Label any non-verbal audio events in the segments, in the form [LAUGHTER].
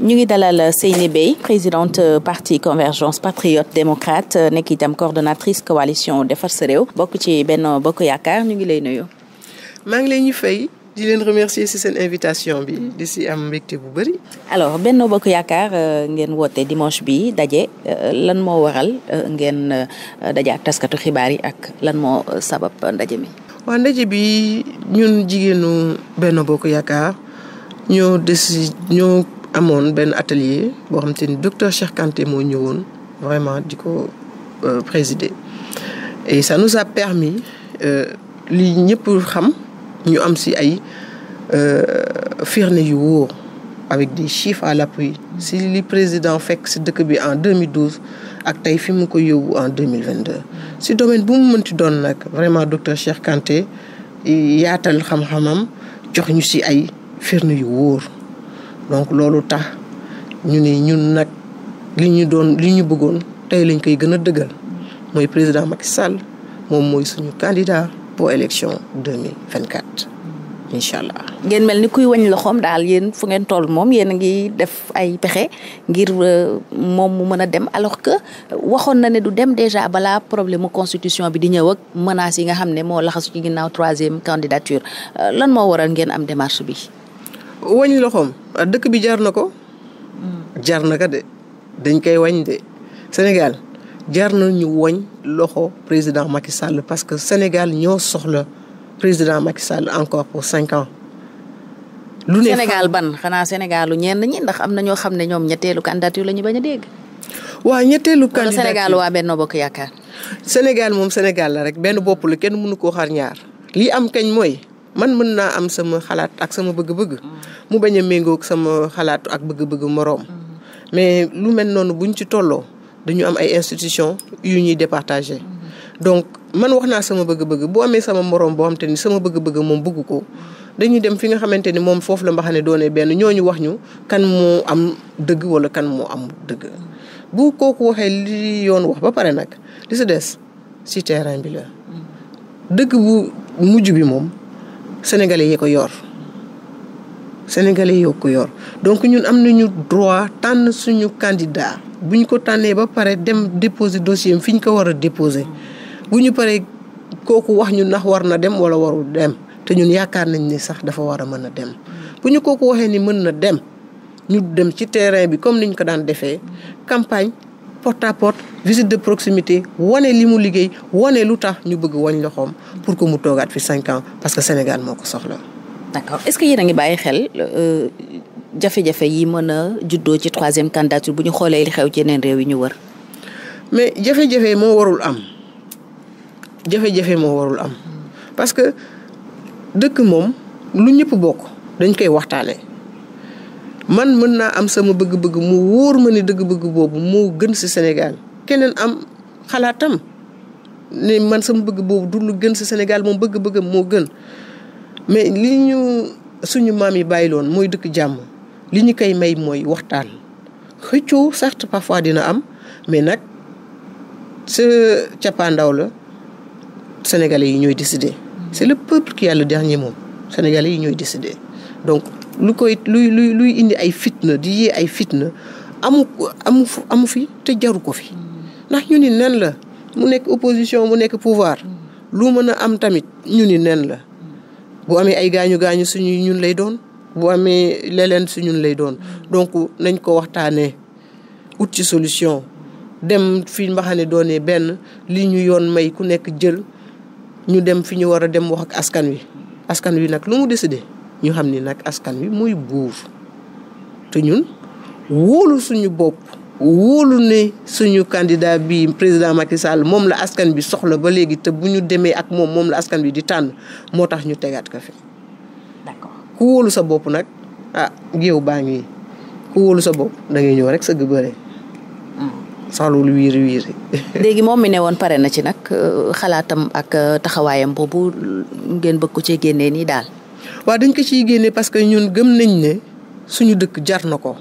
ñu ngi dalal Seyni Beye présidente euh, parti convergence patriote démocrate euh, nekk itam coordonnatrice coalition defar sa réew bokk ci Benno Bokk Yaakaar ñu ngi lay nuyu. maa ngi leen ñu fay di leen remercier si seen invitation bi di ci am mbégte bu bari. alors Benno Bokk Yaakaar euh, ngeen woote dimanche bi daje lan moo waral ngeen daje ak taskatu xibaar yi ak lan moo sabab ndaje mi. waa ndaje bi ñun jigéenu Benno Bokk Yaakaar ñoo des ñoo. amoon benn atelier boo xam te ni docteur Cheikh Kanté moo ñëwoon vraiment di ko euh, présider. et ça nous a permis euh, li ñëpp xam ñu am si ay euh, firnde yu wóor avec des chiffres à l'appui si li président fekk si dëkk bi en 2012 ak tey fi mu ko yóbbu en 2022. si domaine bu mu mënti doon nag vraiment docteur Cheikh Kanté yaatal xam-xamam jox ñu si ay firnde yu wóor. donc loolu tax ñu ne ñun nag li ñu doon li ñu bëggoon tey lañ koy gën a dëggal mooy président Macky Sall moom mooy suñu candidat pour élection 2024 incha allah. ngeen mel ni kuy wañ loxoom daal yéen fu ngeen toll moom yéen a ngi def ay pexe ngir euh, moom mu mën a dem alors que waxoon na ne du dem déjà balaa problème constitution bi di ñëw ak menaces yi nga xam ne moo laxasu ci ginnaaw troisième candidature euh, lan moo waral ngeen am démarche bi. wañ loxoom ah, dëkk bi jar na ko. Hmm. jar na ka de dañ koy wañ de Sénégal jar na ñu wañ loxo président Macky Sall parce que Sénégal ñoo soxla président Macky Sall encore pour cinq ans. lu ne Sénégal ban xanaa Sénégalu ñeen ñi ndax am na ñoo xam ne ñoom ñetteelu candidature la ñu bañ a dégg. waa ñetteelu candidature wala Sénégal waa Benno Bokk Yaakaar. Sénégal moom Sénégal la rek benn bopp la kenn mënu koo xarñaar ñaar li am kañ mooy. man mën naa am sama xalaat ak sama bëgg-bëgg. mu bañ a méngoog sama xalaat ak bëgg-bëgg moroom. mais lu mel noonu buñ ci tolloo dañu am ay institution yu ñuy départager. donc man wax naa sama bëgg-bëgg bu amee sama moroom boo xam te ni sama bëgg-bëgg moom bëgg ko. dañuy dem fi nga xamante ni moom foofu la mbaxane doone benn ñooñu wax ñu kan am dëgg wala kan moo am dëgg. bu kooku waxee li yoon wax ba pare nag li si des si terrain bi la. dëgg bu mujj bi moom. sénégalais yi ko yor sénégalais yi ko yor donc ñun am nañu droit tànn suñu candidat bu ñu ko tànnee ba pare dem déposer dossier fi ñu ko war a déposer bu ñu paree kooku wax ñu ndax war na dem wala warul dem te ñun yaakaar nañ ni sax dafa war a mën a dem bu ñu kooku waxee ni mën na dem ñu dem ci terrain bi comme niñ ko daan defee campagne. porte à porte visite de proximité wane li mu liggéey wale lu tax ñu bëgg wañ loxoom pour que mu toogaat fi cinq ans parce que Sénégal moo ko soxla. d'accord est-ce que yéen a ngi bàyyi xel euh, jafe-jafe yi mën a juddoo ci troisième candidature bu ñu xoolee xew ci yeneen réew yi ñu war mais jafe-jafe moo warul am jafe-jafe moo warul am parce que dëkk moom lu ñëpp bokk dañ koy waxtaanee. man mën naa am sama bëgg-bëgg mu wóor ma ni dëgg-bëgg boobu moo gën si Sénégal keneen am xalaatam ne man sama bëgg boobu du gën si Sénégal moom bëgg-bëggam moo gën mais li ñu suñu maam yi bàyyiloon mooy dëkk jàmm li ñu koy may mooy waxtaan xëccoo certes parfois dina am mais nag sa cappaandaw la Sénégalais yi ñooy décider. si le peuple qui a le moom mot yi ñooy décider lu koy luy luy luy indi ay fitna di yee ay fitna amu amu amu fi te jaru ko fi ndax ñu ni nen la mu nekk opposition mu nekk pouvoir lu mën a am tamit ñu ni nen la bu amee ay gaañu gaañu suñu ñun lay doon bu amee leneen su ñun lay doon donc nañ ko waxtaanee ut ci solution dem fi mbaxane doonee benn li ñu yoon may ku nekk jël ñu dem fi ñu war a dem wax ak askan wi askan wi nag lu mu décidé ñu xam ni nag askan wi muy buur te ñun wóolu suñu bopp wóolu ne suñu candidat bi président Macky Sall moom la askan bi soxla ba léegi te bu ñu demee ak moom moom la askan bi di tànn moo tax ñu tegaat ko fi. d'accord ku wóolu sa bopp nag a ah, géew baa ngi ku wóolu sa bopp da ngay ñëw rek sëgg bëre. Hmm. saxlul wiir wiir [LAUGHS] léegi moom mu ne woon pare na ci nag euh, xalaatam ak euh, taxawaayam boobu ngeen bëgg ko cee génnee nii daal. waaw dañ ko ciy génne parce que ñun gëm nañ ne suñu dëkk jar na ko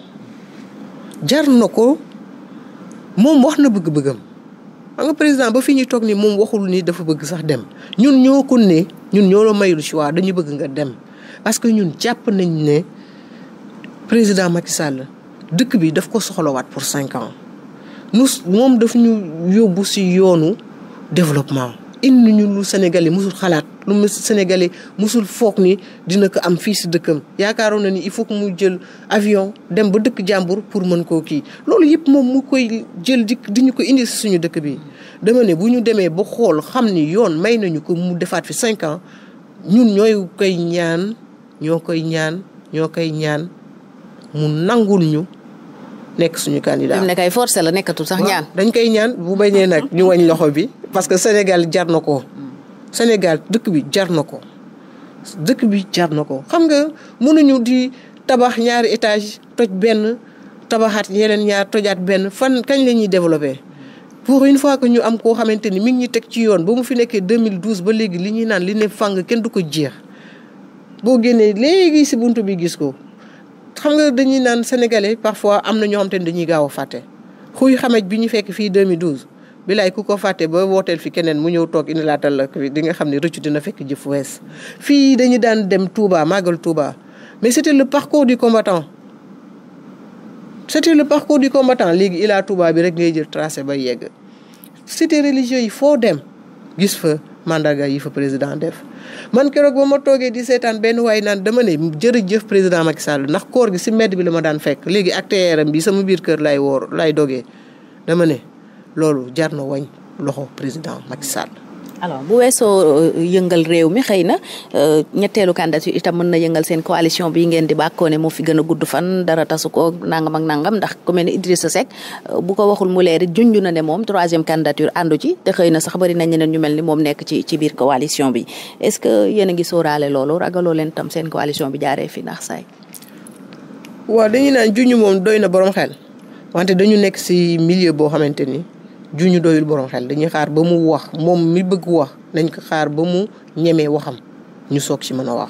jar na ko moom wax na bëgg-bëggam xam nga président ba fi ñuy toog nii moom waxul nii dafa bëgg sax dem ñun ñoo ko ne ñun ñoo la mayul choix dañu bëgg nga dem parce que ñun jàpp nañ ne président Macky Sall dëkk bi daf ko soxlawaat pour cinq ans moom daf ñu yóbbu ci yoonu développement indi ñu lu Sénégalais mësul xalaat lu mu Sénégalais musul foog ni dina ko am fii si dëkkam yaakaaroon na ni il faut mu jël avion dem ba dëkk jàmbur pour mën koo kii loolu yëpp moom mu koy jël di di ñu ko indi si suñu dëkk bi. dama ne bu ñu demee ba xool xam ni yoon may nañu ko mu defaat fi cinq ans ñun ñooy koy ñaan ñoo koy ñaan ñoo koy ñaan mu nangul ñu. nekk suñu candidat. fi mu ne kay forcé la nekkatul sax ñaan. dañ koy ñaan bu bañee nag ñu wañ loxo bi. parce que Sénégal jar na ko. Mm. Sénégal dëkk bi jar na ko. dëkk bi jar na ko xam nga mënuñu di tabax ñaari étage toj benn tabaxaat yeneen ñaar tojaat benn fan kañ la ñuy développé. Mm. pour une fois que ñu am koo xamante ni mi ngi ñu teg ci yoon ba mu fi nekkee 2012 ba léegi li ñuy naan li ne fàng kenn du ko jeex boo génnee léegi si bunt bi gis ko. xam nga dañuy naan sénégalais parfois am na ñoo xam te ne dañuy gaaw a fàtte xuy xamej bi ñu fekk fii 2012. bilaay ku ko fàtte ba wooteel fi keneen mu ñëw toog laa tal la di nga xam ne rëccu dina fekk jëf wees fii dañu daan dem Touba màggal Touba mais c'était le parcours du combattant c'était le parcours du combattant léegi Ila Touba bi rek ngay jël tracé ba yegg c'était religieux yi foo dem gis fa mandarga yi fa président def man keroog ba ma toogee di seetaan benn waay naan dama ne jëf président Macky Sall ndax koor gi si mbedd bi la ma daan fekk léegi ak teeram bi sama biir kër lay woor lay dogee dama ne loolu jar na wañ loxo président Macky Sall. alors bu weesoo euh, yëngal réew mi xëy na euh, ñetteelu candidat yi itam mën na yëngal seen coalition bi ngeen di bàkkoo ne moo fi gën a gudd fan dara tasu ko nangam ak nangam ndax ku mel ne Idrissa euh, bu ko waxul mu leer junj na ne moom troisième candidature àndu ci te xëy na sax bari na ñeneen ñu mel ni moom nekk ci ci biir coalition bi est-ce que yéen ngi sóoraale loolu ragaloo leen tam seen coalition bi jaaree fi ndax saay. waaw dañuy naan junj moom doy na borom xel wante dañu nekk si milieu boo xamante ni. ju ñu doyul borom xel dañuy xaar ba mu wax moom mi bëgg wax nañ ko xaar ba mu ñemee waxam ñu soog ci mën a wax.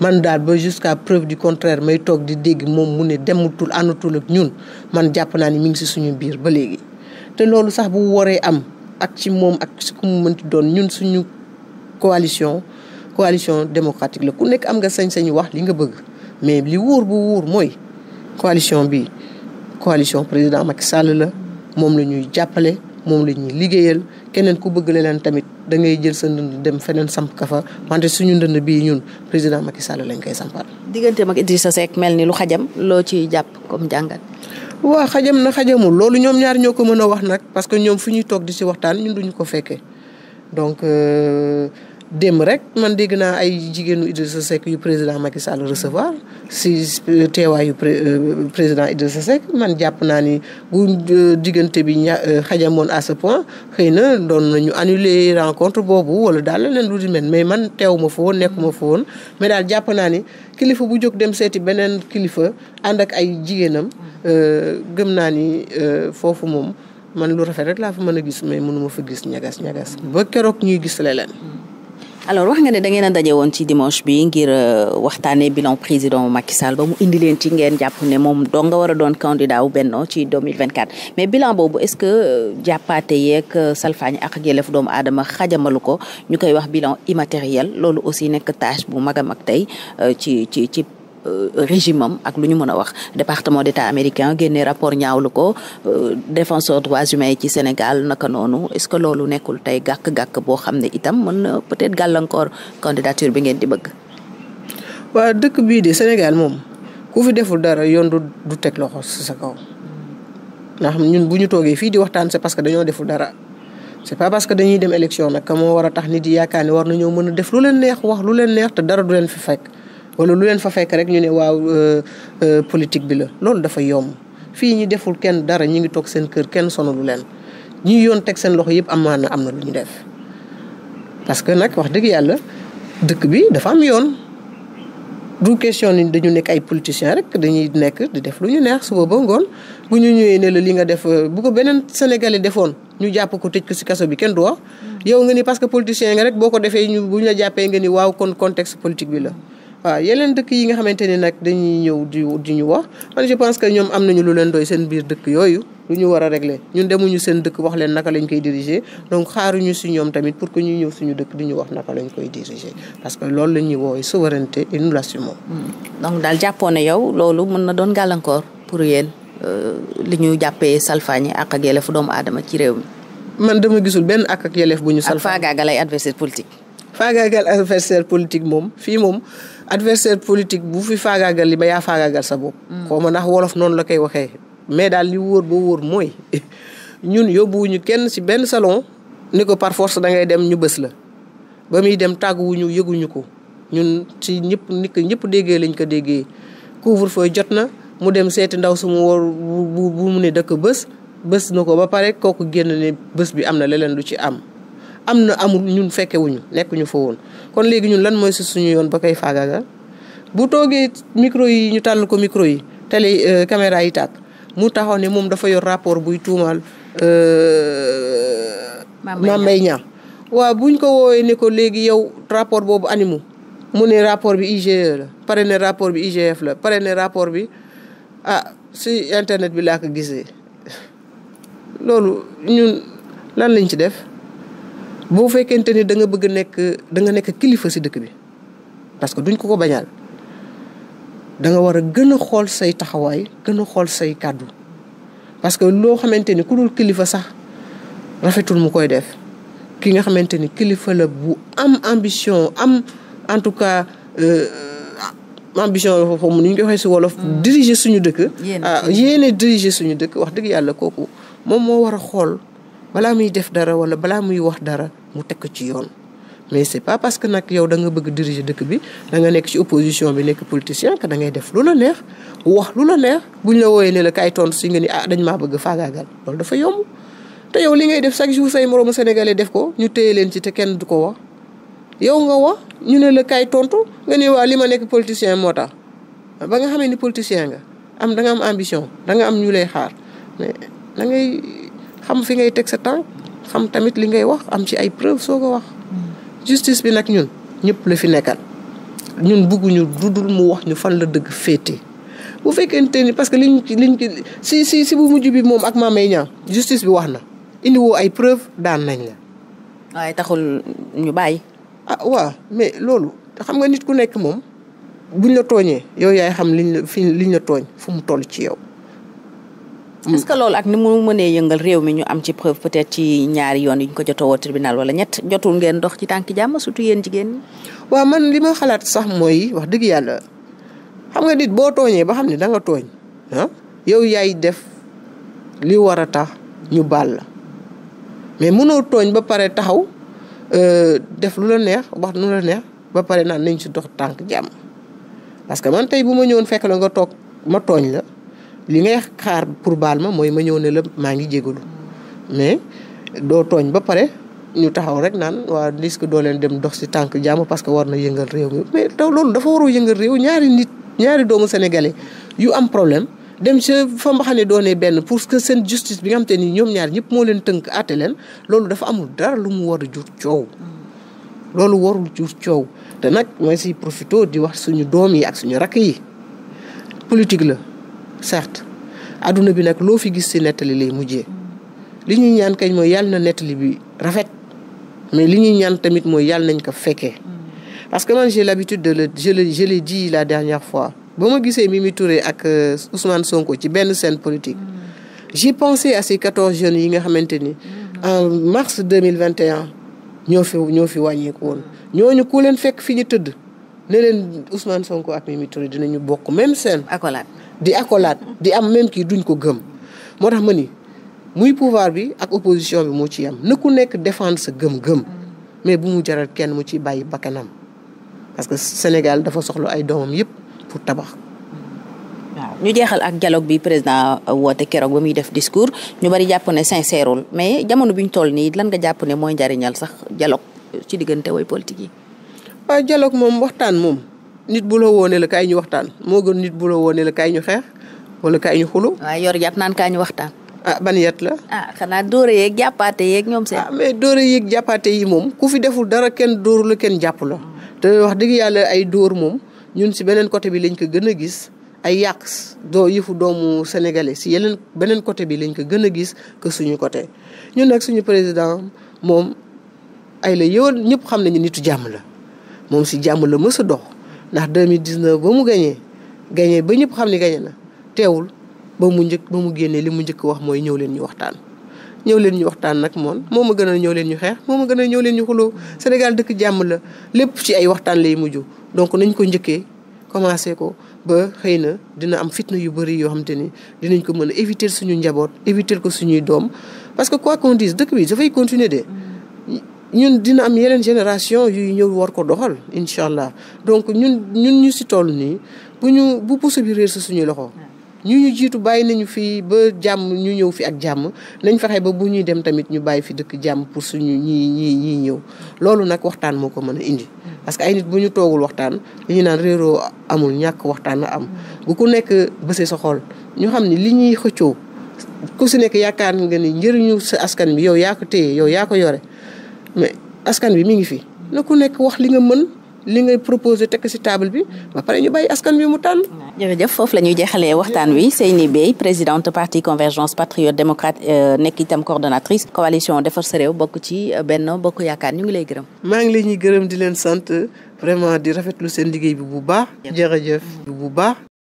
man daal ba jusqu'à preuve du contraire may toog di dégg moom mu ne dematul àndatul ak ñun man jàpp naa ni mi ngi ci suñu biir ba léegi. te loolu sax bu waree am ak ci moom ak ci ku mënti doon ñun suñu coalition coalition démocratique la ku nekk am nga sañ-sañu wax li nga bëgg mais li wóor bu wóor mooy coalition bi coalition président Macky Sall la. moom la ñuy jàppale moom la ñuy liggéeyal keneen ku bëgg leneen tamit da ngay jël sa ndënd dem feneen samp ka fa wante suñu ndënd bii ñun président Macky Sall lañ koy sampal. digganteem ak sa seek mel ni lu xajam loo ci jàpp comme jàngat. waa xajam na xajamul loolu ñoom ñaar ñoo ko mën a wax nag parce que ñoom fu ñuy toog di si waxtaan ñun duñu ko fekkee donc. Euh, démb rek man dégg naa ay jigéenu Idrissa Seck yu président Macky Sall recevoir si euh, teewaayu euh, président Idrissa Seck man jàpp naa ni bu euh, diggante bi ña xajamoon à ce point xëy na doon nañu annuler rencontre boobu wala daal la leen lu di mel mais man teewuma ma fa woon nekku ma woon mais daal jàpp naa ni kilifa bu jóg dem seeti beneen kilifa ànd ak ay jigéenam gëm naa ni foofu moom man lu rafet rek laa fa mën a gis mais mënuma fa gis ñagas ñagas ba keroog ñuy gis leneen alors wax nga ne da ngeen a daje woon ci dimanche bi ngir euh, waxtaanee bilan président Macky saal ba mu indi leen ci ngeen jàpp ne moom doo nga war a doon candidat wu Benno ci 2024 mais bilan boobu est-ce que euh, jàppaate yeeg euh, salfaañ ak yelef doomu aadama xajamalu ko ñu koy wax bilan immatériel loolu aussi nekk tâche bu mag a mag tey ci ci ci Euh, régime am ak lu ñu mën a wax département d'état américain génne rapport ñaawlu ko euh, défenseur droits humains ci Sénégal naka noonu est-ce que loolu nekkul tey gàkk-gàkk boo xam ne itam mën na peut-être gàllankoor candidature bi ngeen di bëgg. waa dëkk bii de Sénégal moom ku fi deful dara yoon du du teg loxo si sa kaw ndax ñun bu ñu toogee fii di waxtaan c'est parce que dañoo deful dara. c'est pas parce que dañuy dem élection nag que moo war a tax nit yi yaakaar ne war nañoo mën a def lu leen neex wax lu leen neex te dara du leen fi fekk. wala lu leen fa fekk rek ñu ne waaw euh, euh, politique bi la loolu dafa yomb fii ñi deful kenn dara ñi ngi toog seen kër kenn sonalu leen ñi yoon teg seen loxo yëpp amaana am na lu ñu def parce que nag wax dëgg yàlla dëkk bi dafa am yoon du question ni dañu nekk ay politiciens rek dañuy nekk di def lu ñu neex suba ba ngoon bu ñu ñëwee ne la li nga def bu ko beneen sénégalais defoon ñu jàpp ko tëj ko ci kaso bi kenn du wax mm. yow nga ni parce que politicien nga rek boo ko defee ñu bu ñu la jàppee nga ni waaw kon contexte politique bi la waaw yeneen dëkk yi nga xamante ni nag dañuy ñëw di di ñu wax man je pense que ñoom am nañu lu leen doy seen biir dëkk yooyu lu ñu war a régler ñun demuñu seen dëkk wax leen naka lañu koy diriger donc xaaruñu si ñoom pour que ñuy ñëw suñu dëkk di ñu wax naka lañ koy diriger parce que loolu la ñuy woowee souveraineté et nous l'assumons. Hmm. donc daal jàppoon na yow loolu mën na doon gàllankoor pour yéen euh, li ñu jàppee salfaañe ak ak yelleefu doomu aadama ci réew mi. man dama gisul benn ak ak yelleef bu ñu. salfaa ak faagaagalay adversaire politique. faagaagal adversaire politique moom fii moom adversaire politique bu fi faagaagal li ba yaa faagaagal sa bopp. Mm. xaw ma ndax wolof noonu la koy waxee. mais daal li wóor ba wóor mooy [LAUGHS] ñun yóbbuwuñu kenn ci benn salon ni ko par force da ngay dem ñu bës la ba muy dem tàgguwuñu yëguñu ko ñun ci ñëpp ni ñëpp déggee lañ ko déggee couvre foo jot na mu dem seeti ndaw su mu war bu mu ne dëkk bës bës na ko ba pare kooku génn ne bës bi am na leneen lu ci am. am na amul ñun fekkewuñu nekkuñu ñu fa woon kon léegi ñun lan mooy si suñu yoon ba koy faagaagal bu toogee micro yi ñu tàll ko micro yi télé euh, caméra yi mu taxaw ne moom dafa yor rapport buy tuumaal euh, Mame Mbaye Niang waaw buñ ko woowee ne ko léegi yow rapport boobu animu mu ne rapport bi IGE la ne rapport bi IGF la pare ne rapport bi ah si internet bi laa ko gisee [LAUGHS] loolu ñun lan lañ ci def boo fekkente ni da nga bëgg nekk da nga nekk kilifa si dëkk bi parce que duñ ko ko bañaal da nga war a gën a xool say taxawaay gën a xool say kàddu parce que loo xamante ni ku dul kilifa sax rafetul mu koy def ki nga xamante ni kilifa la bu am ambition am en tout cas euh, ambition la foofu nu ñu ko waxee si wolof. Mm. diriger suñu dëkk. Ah, yéene diriger suñu dëkk wax dëgg yàlla kooku moom moo war a xool balaa muy def dara wala balaa muy wax dara. mu teg ko ci yoon mais c'est pas parce que nag yow da nga bëgg diriger dëkk bi danga nga nekk ci opposition bi nekk politicien que da ngay def lu la neex wax lu la neex bu ñu la wooyee ne la kaay tontu si nga ni ah dañ maa bëgg faagaagal loolu dafa yomb. te yow li ngay def chaque jour say moroomu sénégalais def ko ñu téye leen ci te kenn du ko wax yow nga wax ñu ne la kaay tontu nga ne waa li ma nekk politicien moo tax ba nga xamee ni politicien nga am da nga am ambition da nga am ñu lay xaar da ngay xam fi ngay teg sa tànk xam tamit li ngay wax am ci ay preuve soo ko wax justice bi nag ñun ñëpp la fi nekkal ñun bugguñu dudul mu wax ñu fan la dëgg féete bu fekkente ni parce que liñ liñ si si si bu mujj bi moom ak maamay ñaa justice bi wax na indi ay preuve daan nañ la waaye taxul ñu bàyyi ah waa mais loolu xam nga nit ku nekk moom buñ la tooñee yow yaay xam liñ la fi tooñ fu mu toll ci yow est que loolu ak ni mu mënee yëngal réew mi ñu am ci preuve être ci ñaari yoon yi ñu ko jotoo woo tribunal wala ñett jotul ngeen dox ci tànk jàmm surtout yéen jigéen ñi. waa man li ma xalaat sax mooy wax dëgg yàlla xam nga nit boo tooñee ba xam ne da nga tooñ ah yow yaay def li war a tax ñu baal la mais mënoo tooñ ba pare taxaw euh, def lu la neex wax lu neex ba pare naan nañ si dox tànk jàmm parce que man tey bu ma ñëwoon fekk la nga toog ma tooñ la. li ngay xaar pour baal ma mooy ma ñëw ne la maa ngi jégalu mais doo tooñ ba pare ñu taxaw rek naan waa risque doo leen dem dox si tànk jàmm parce que war na yëngal réew mi mais taw loolu dafa waroo yëngal réew ñaari nit ñaari doomu sénégalais yu am problème dem sa fa nga xam ne doonee benn pour que seen justice bi nga xam te ni ñoom ñaar ñëpp moo leen tënk àtte leen loolu dafa amul dara lu mu war a jur coow. loolu warul jur coow te nag mooy si profito di wax suñu doom yi ak suñu rakk yi politique la. certes adduna bi nag loo fi gis ci nettali lay mujjee li ñu ñaan kañ mooy yàlla na nettali bi rafet mais li ñuy ñaan tamit mooy yàlla nañ ko fekkee parce que man j'ai l'habitude de le je le je la dernière fois ba ma gisee Mimi Touré ak euh, Ousmane Sonko ci benn scène politique j'ai pensé à ces quatorze jeunes yi nga xamante ni en mars deux mille vingt ñoo fi ñoo fi wàññeeku woon ñooñu ku leen fekk fi ñu tëdd ne leen Ousmane Sonko ak Mimi Touré dinañu bokk même seen. accolade di accolade di am même kii duñ ko gëm. moo tax ma ni muy pouvoir bi ak opposition bi mu ci am na ku nekk défendre sa gëm-gëm. mais bu mu jaral kenn mu ci bàyyi bakkanam parce que Sénégal dafa soxla ay doomam yëpp pour tabax. waaw ñu jeexal ak dialogue bi président woote keroog ba muy def discours ñu bari jàpp ne sincèreul mais jamono bi ñu toll nii lan nga jàpp ne mooy njariñal sax dialogue ci diggante way politique yi. waaye dialogue moom waxtaan moom nit bu la woone la kaay ñu waxtaan moo gën nit bu la woonee la kaay ñu xeex wala kaay ñu xulu. waaye yor yat naan kaay ñu waxtaan. Ah, ban yat la. ah xanaa dóore yeeg jàppaate yeeg ñoom seen. ah mais yeeg jàppaate yi moom ku fi deful dara kenn dóoru la kenn jàpp la te wax dëgg yàlla ay dóor moom ñun si beneen côté bi lañ ko gën a gis. ay yàq doo yëfu doomu sénégalais si yeneen beneen côté bi lañ ko gën a gis que suñu côté ñu nag suñu président moom ay la yow ñëpp xam nañu nitu jàmm la. moom si jàmm la mës a dox ndax 2019 ba mu gañee gañee ba ñëpp xam ne gañe na teewul ba mu njëkk ba mu génnee li mu njëkk wax mooy ñëw leen ñu waxtaan ñëw leen ñu waxtaan nag moom ma gën a ñëw leen ñu xeex moo ma gën a ñëw leen ñu xuloo Sénégal dëkk jàmm la lépp ci ay waxtaan lay mujj donc nañ ko njëkkee commencé ko ba xëy na dina am fitna yu bëri yoo xam te ni dinañ ko mën a éviter suñu njaboot éviter ko suñuy doom parce que quoi qu'on dise dëkk bi dafay continuer de ñun dina am yeneen génération yuy ñëw war ko doxal incha allah donc ñun ñun ñu si toll nii bu ñu bu puso bi réer si suñuy loxo. ñu ñu jiitu bàyyi nañu fi ba jàmm ñu ñëw fi ak jàmm nañ fexe ba bu ñuy dem tamit ñu bàyyi fi dëkk jàmm pour suñu ñii ñii ñii ñëw loolu nag waxtaan moo ko mën a indi. parce que ay nit bu ñu toogul waxtaan li ñu naan réeroo amul ñàkk waxtaan a am bu ku nekk bësee sa xol ñu xam ne li ñuy xëccoo ku si nekk yaakaar nga ni njëriñu sa askan bi yow yaa ko téye yow yaa ko yore. mais askan bi mi ngi fi na ku nekk wax li nga mën li ngay proposé tekk ci taable bi ba pare ñu bàyyi askan bi mu tànn. jërëjëf foofu la ñuy jeexalee waxtaan wi seeni Beye présidente parti convergence patriote démocrate euh, nekk itam coordonnatrice coalition defar sa bokk ci euh, Benno Bokk Yaakaar ñu ngi lay gërëm. maa ngi leen ñuy gërëm di leen sant vraiment di rafetlu seen liggéey bi bu baax. jërëjëf bu baax.